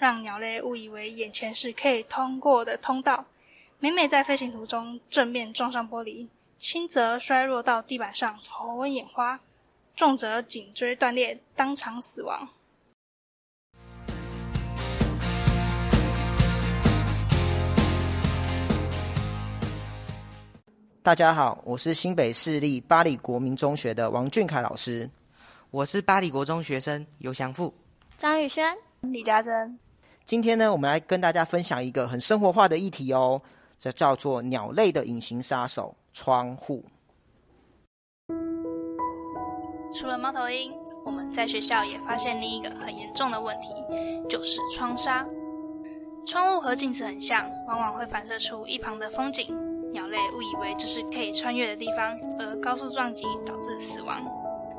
讓鳥類誤以為眼前是可以通過的通道，每每在飛行途中正面撞上玻璃，輕則摔落到地板上頭昏眼花，重則頸椎斷裂，當場死亡。大家好，我是新北市立八里國民中學的王俊凱老師，我是八里國中學生尤祥富、張宇軒、李家珍。今天呢，我們來跟大家分享一個很生活化的議題哦，這叫做鳥類的隱形殺手——窗戶。除了貓頭鷹，我們在學校也發現另一個很嚴重的問題，就是窗殺。窗戶和鏡子很像，往往會反射出一旁的風景，鳥類誤以為這是可以穿越的地方，而高速撞擊導致死亡。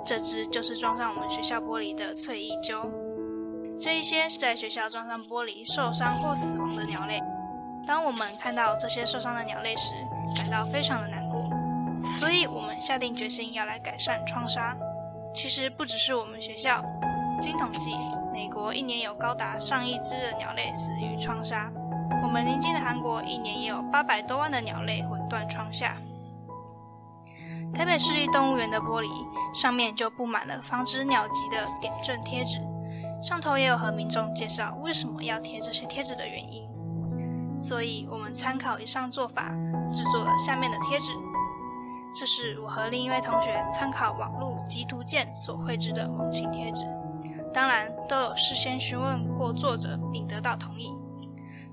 這隻就是撞上我們學校玻璃的翠翼鳩。這一些是在學校撞上玻璃受傷或死亡的鳥類，當我們看到這些受傷的鳥類時，感到非常的難過，所以我們下定決心要來改善窗殺。其實不只是我們學校，經統計，美國一年有高達上億隻的鳥類死於窗殺。我們鄰近的韓國一年也有八百多萬的鳥類魂斷窗下。台北市立動物園的玻璃上面就布滿了防止鳥擊的點陣貼紙。上頭也有和民眾介紹為什麼要貼這些貼紙的原因，所以我們參考以上做法制作了下面的貼紙。這是我和另一位同學參考網絡及圖鑑所繪制的猛禽貼紙，當然都有事先詢問過作者並得到同意。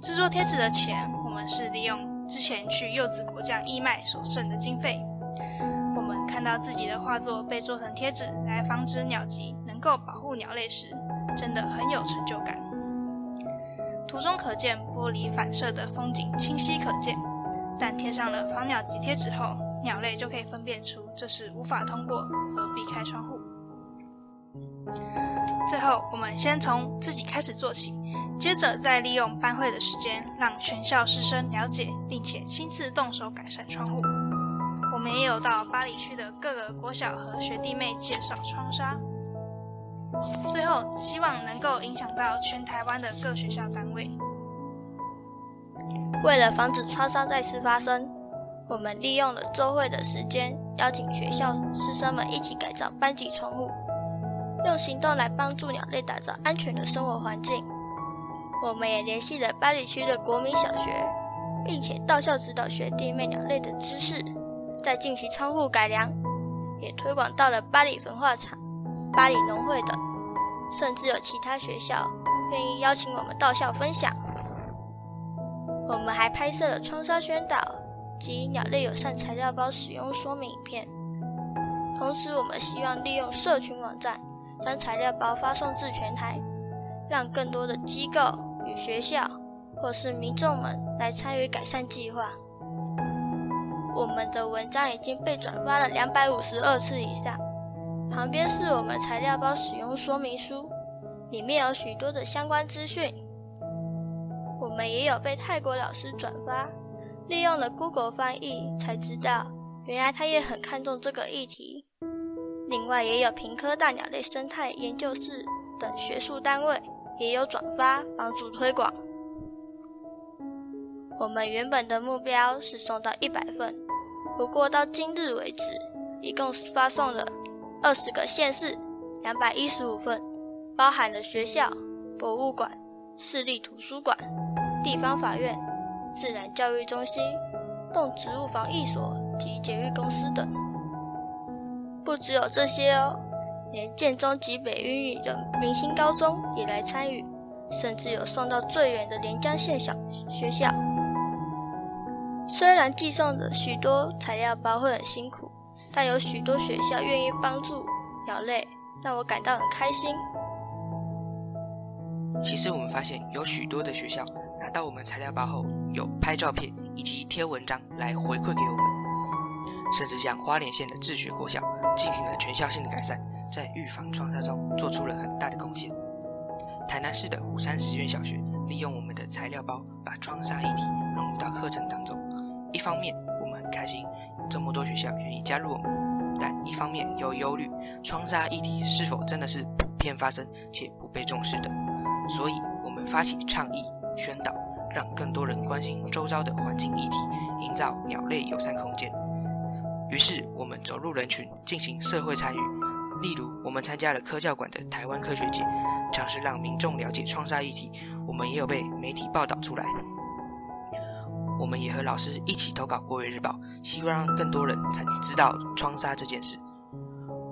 制作貼紙的錢，我們是利用之前去柚子果醬義賣所剩的經費。我們看到自己的畫作被做成貼紙來防止鳥擊能夠保護鳥類時，真的很有成就感。圖中可見玻璃反射的風景清晰可見，但貼上了防鳥擊貼紙後，鳥類就可以分辨出這是無法通過和避開窗戶。最後，我們先從自己開始做起，接着再利用班會的時間，讓全校師生了解並且親自動手改善窗戶。我們也有到八裡區的各個國小和學弟妹介紹窗殺。最後，希望能夠影響到全台灣的各學校單位。為了防止擦傷再次發生，我們利用了周會的時間，邀請學校師生們一起改造班級窗戶，用行動來幫助鳥類打造安全的生活環境。我們也聯繫了八裡區的國民小學，並且到校指導學弟妹鳥類的知識，再進行窗戶改良，也推廣到了八裡焚化廠、八裡農會等。甚至有其他學校願意邀請我們到校分享。我們還拍攝了窗紗宣導及鳥類友善材料包使用說明影片。同時，我們希望利用社群網站將材料包發送至全台，讓更多的機構與學校或是民眾們來參與改善計劃。我們的文章已經被轉發了兩百五十二次以上。.旁邊是我們材料包使用說明書，裡面有許多的相關資訊。我們也有被泰國老師轉發，利用了 Google 翻譯才知道，原來他也很看重這個議題。另外，也有屏科大鳥類生態研究室等學術單位也有轉發，幫助推廣。我們原本的目標是送到一百份，不過到今日為止，一共是發送了，二十個縣市，兩百一十五份，包含了學校、博物館、市立圖書館、地方法院、自然教育中心、動植物防疫所及捷運公司等。不只有這些哦，連建中及北一女的明星高中也來參與，甚至有送到最遠的連江縣小學校。雖然寄送的許多材料包會很辛苦，但有許多學校願意幫助鳥類，讓我感到很開心。其實我們發現有許多的學校拿到我們材料包後，有拍照片以及貼文章來回饋給我們，甚至像花蓮縣的志學國小進行了全校性的改善，在預防窗殺中做出了很大的貢獻。台南市的虎山實驗小學利用我們的材料包，把窗殺議題融入到課程當中，一方面。我們很開心有這麼多學校願意加入我們，但一方面又有憂慮窗殺議題是否真的是普遍發生且不被重視的，所以我們發起倡議、宣導，讓更多人關心周遭的環境議題，營造鳥類友善空間。於是我們走入人群進行社會參與，例如我們參加了科教館的台灣科學節，嘗試讓民眾了解窗殺議題。我們也有被媒體報道出來。我們也和老師一起投稿《國語日報》，希望讓更多人才知道“窗殺”這件事。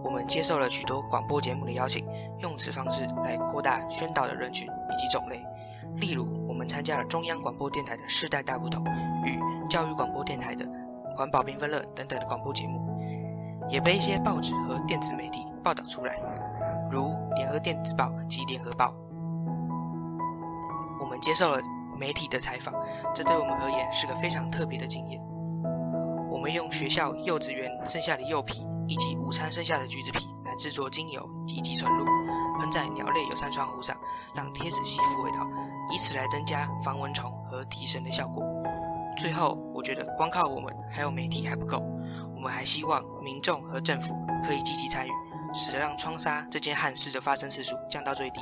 我們接受了許多廣播節目的邀請，用此方式來擴大宣導的人群以及種類。例如，我們參加了中央廣播電台的“世代大不同”與教育廣播電台的“環保繽紛樂”等等的廣播節目，也被一些報紙和電子媒體報道出來，如《聯合電子報》及《聯合報》。我們接受了。媒體的採訪，這對我們而言是個非常特別的經驗。我們用學校幼稚園剩下的柚皮以及午餐剩下的橘子皮來制作精油以及純露，噴在鳥類友善窗戶上，讓貼紙吸附味道，以此來增加防蚊蟲和提神的效果。最後，我覺得光靠我們還有媒體還不夠，我們還希望民眾和政府可以積極參與，使得讓窗殺這件憾事的發生次數降到最低。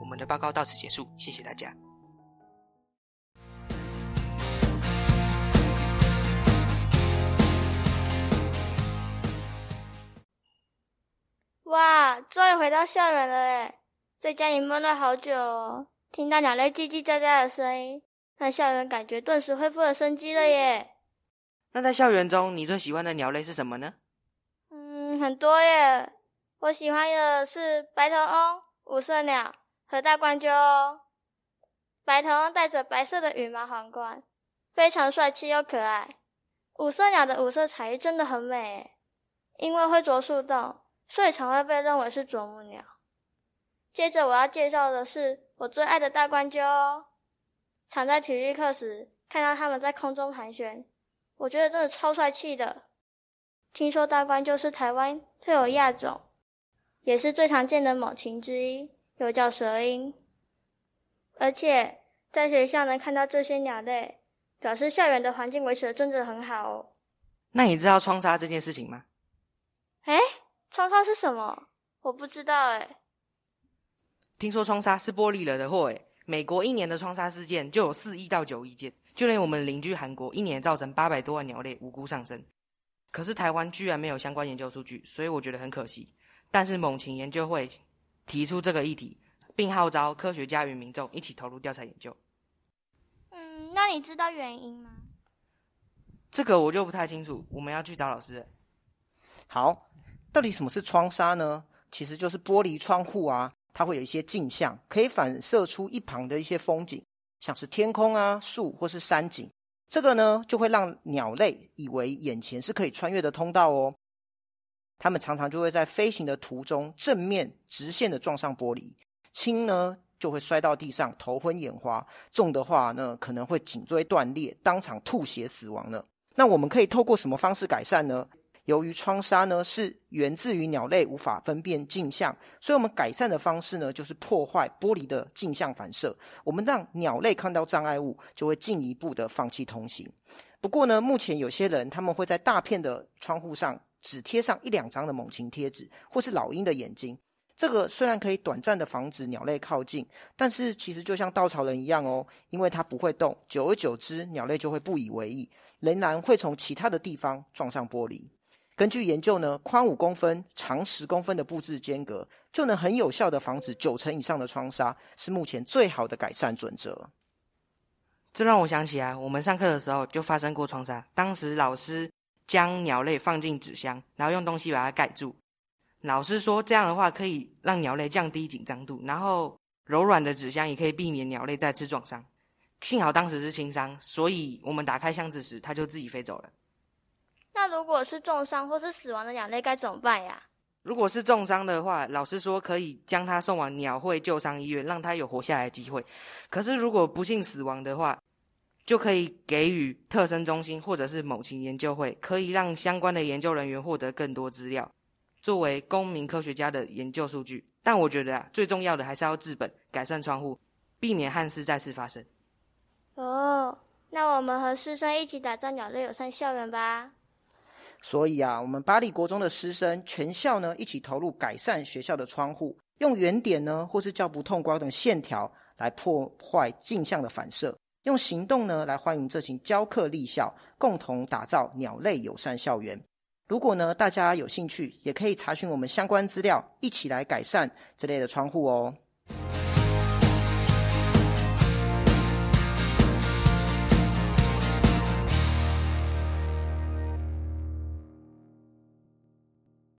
我們的報告到此結束，謝謝大家。哇，終於回到校園了耶！在家裡悶了好久哦，聽到鳥類嘰嘰喳喳的聲音，那校園感覺頓時恢復了生機了耶。那在校園中，你最喜歡的鳥類是什麼呢？嗯，很多耶。我喜歡的是白頭翁、五色鳥和大冠鷲。白頭翁戴着白色的羽毛皇冠，非常帥氣又可愛。五色鳥的五色彩衣真的很美耶，因為會啄樹洞，所以常會被認為是啄木鳥。接着我要介紹的是我最愛的大冠鷲哦。常在體育課時看到它們在空中盤旋，我覺得真的超帥氣的。聽說大冠鷲是台灣特有亞種，也是最常見的猛禽之一，又叫蛇鷹。而且在學校能看到這些鳥類，表示校園的環境維持的真的很好哦。那你知道窗殺這件事情嗎？誒窗紗是什麼？我不知道誒、欸、聽說窗紗是玻璃了的禍誒，美國一年的窗紗事件就有四億到九億件，就連我們鄰居韓國一年造成八百多萬鳥類無辜喪生。可是台灣居然沒有相關研究數據，所以我覺得很可惜。但是猛禽研究會提出這個議題，並號召科學家與民眾一起投入調查研究。嗯，那你知道原因嗎？這個我就不太清楚，我們要去找老師。好。到底什麼是窗殺呢？其實就是玻璃窗戶啊，它會有一些鏡像，可以反射出一旁的一些風景，像是天空啊、樹或是山景。這個呢，就會讓鳥類以為眼前是可以穿越的通道哦。它們常常就會在飛行的途中正面直線的撞上玻璃，輕呢就會摔到地上頭昏眼花，重的話呢可能會頸椎斷裂，當場吐血死亡了。那我們可以透過什麼方式改善呢？由於窗殺呢，是源自於鳥類無法分辨鏡像，所以我們改善的方式呢就是破壞玻璃的鏡像反射。我們讓鳥類看到障礙物，就會進一步的放棄通行。不過呢，目前有些人他們會在大片的窗戶上只貼上一兩張的猛禽貼紙，或是老鷹的眼睛。這個雖然可以短暫的防止鳥類靠近，但是其實就像稻草人一樣哦，因為它不會動，久而久之鳥類就會不以為意，仍然會從其他的地方撞上玻璃。根據研究呢，寬五公分、長十公分的布置間隔，就能很有效地防止九成以上的窗殺，是目前最好的改善準則。這讓我想起啊，我們上課的時候就發生過窗殺，當時老師將鳥類放進紙箱，然後用東西把它蓋住。老師說這樣的話可以讓鳥類降低緊張度，然後柔軟的紙箱也可以避免鳥類再次撞傷。幸好當時是輕傷，所以我們打開箱子時，它就自己飛走了。那如果是重傷或是死亡的鳥類該怎麼辦呀、啊？如果是重傷的話，老師說可以將它送往鳥會救傷醫院，讓它有活下來的機會。可是如果不幸死亡的話，就可以給予特生中心或者是某禽研究會，可以讓相關的研究人員獲得更多資料，作為公民科學家的研究數據。但我覺得啊，最重要的還是要治本，改善窗戶，避免憾事再次發生。哦、oh，那我們和師生一起打造鳥類友善校園吧。所以啊，我們八里國中的師生全校呢一起投入改善學校的窗戶，用圓點呢，或是較不透光等線條來破壞鏡像的反射，用行動呢來歡迎這群嬌客蒞校，共同打造鳥類友善校園。如果呢大家有興趣，也可以查詢我們相關資料，一起來改善這類的窗戶哦。